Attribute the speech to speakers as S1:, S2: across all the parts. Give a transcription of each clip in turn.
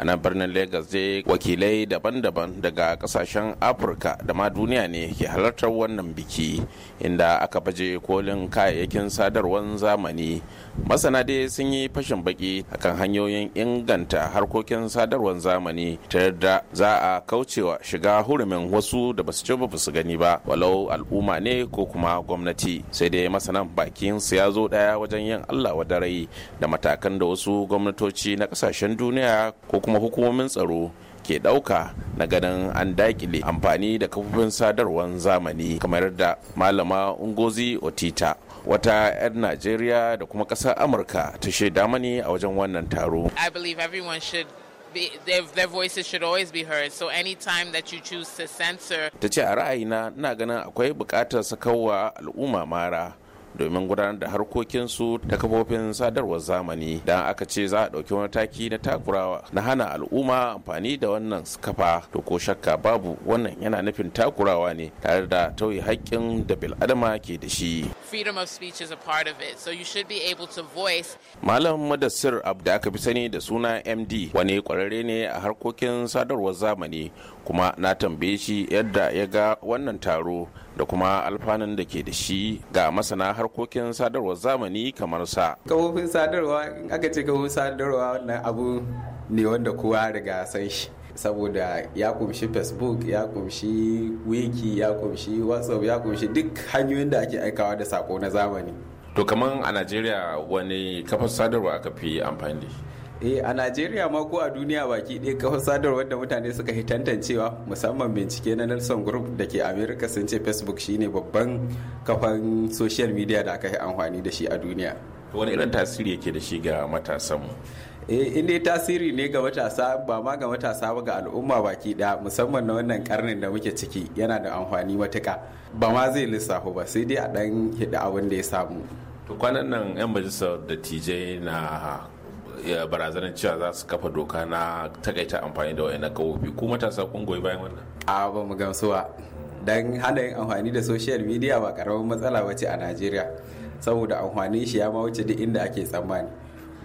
S1: a nan birnin lagos dai wakilai daban-daban daga kasashen afirka da ma duniya ne ke halartar wannan biki inda aka baje kolin kayayyakin sadarwar zamani masana dai sun yi fashin baki akan hanyoyin inganta harkokin sadarwar zamani ta yadda za a kaucewa shiga hurumin wasu da basu ci ba su gani ba walau al'umma ne ko kuma gwamnati sai dai masana bakin su ya zo daya wajen yin allah wadarai da matakan da wasu gwamnatoci na kasashen duniya ko kuma hukumomin tsaro ke ɗauka na ganin an dakile amfani da kafofin sadarwar zamani kamar da malama ungozi otita wata 'yan najeriya da kuma ƙasar amurka ta shaida mani a wajen wannan taro i believe everyone should voices should always be heard. So anytime that you choose to Ta ce a ra'ayina na ganin akwai bukatar sakawa al'umma mara domin gudanar da harkokinsu ta kafofin sadarwar zamani dan aka ce za a ɗauki wani taki na takurawa na hana al'umma amfani da wannan kafa to ko shakka babu wannan yana nufin takurawa ne tare da tauye hakkin da bil'adama ke da shi
S2: freedom of speech is a part of it so you should be able to voice
S1: malam madassir abda aka fi sani da suna md wani kwararre ne a harkokin sadarwar zamani kuma na tambaye shi yadda ya ga wannan taro da kuma alfanun da ke da shi ga masana harkokin sadarwar zamani kamar sa
S2: kafofin sadarwa in aka ce kafofin sadarwa wannan abu ne wanda kowa riga san shi saboda ya kumshi facebook ya kumshi wiki ya kumshi whatsapp ya kumshi duk hanyoyin da ake aikawa da sako na zamani
S1: to kamar a najeriya wani kafar sadarwa aka fi amfani eh a najeriya ma ko a duniya
S2: baki ɗaya kafar sadarwar da mutane suka yi tantancewa musamman bincike na nelson group da ke Amerika sun ce facebook shine babban kafan social media da aka yi amfani da shi a duniya wani irin tasiri yake da shi ga matasanmu eh, in dai tasiri ne ga matasa ba ma ga matasa ba ga al'umma baki ɗaya musamman na wannan karnin da muke ciki yana da amfani matuka ba ma zai lissafo ba sai dai a dan hidda abin da ya samu
S1: to kwanan nan yan majalisar dattijai na barazanar cewa za su kafa doka na takaita amfani da wayannan kawofi ko matasa kun goyi bayan wannan a ba mu gamsuwa dan
S2: hana yin amfani da social media ba karamin matsala wace a Najeriya saboda amfanin shi ya ma wuce duk inda ake tsammani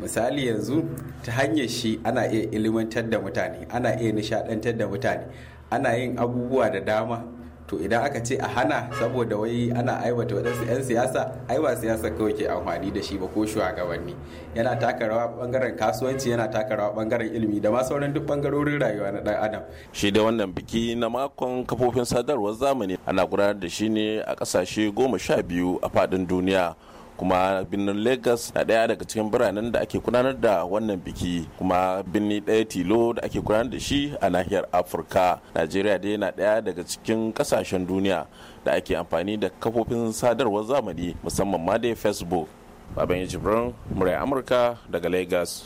S2: misali yanzu ta hanyar shi ana iya ilimantar da mutane ana iya nishadantar da mutane ana yin abubuwa da dama to idan aka ce a hana saboda wai ana aiwata waɗansu 'yan siyasa aiwa siyasa kawai ke amfani da shi ba ko shugabanni yana taka rawa bangaren kasuwanci yana taka rawa bangaren ilimi da ma sauran duk bangarorin rayuwa na dan
S1: adam shi da wannan biki na makon kafofin sadarwar zamani ana gudanar da shi ne a kasashe goma sha biyu a faɗin duniya kuma birnin lagos na ɗaya daga cikin biranen da ake gudanar da wannan biki kuma birni ɗaya tilo da ake gudanar da shi a nahiyar afirka najeriya dai na ɗaya daga cikin ƙasashen duniya da ake amfani da kafofin sadarwar zamani musamman ma dai facebook baban yi jibrin murai amurka daga lagos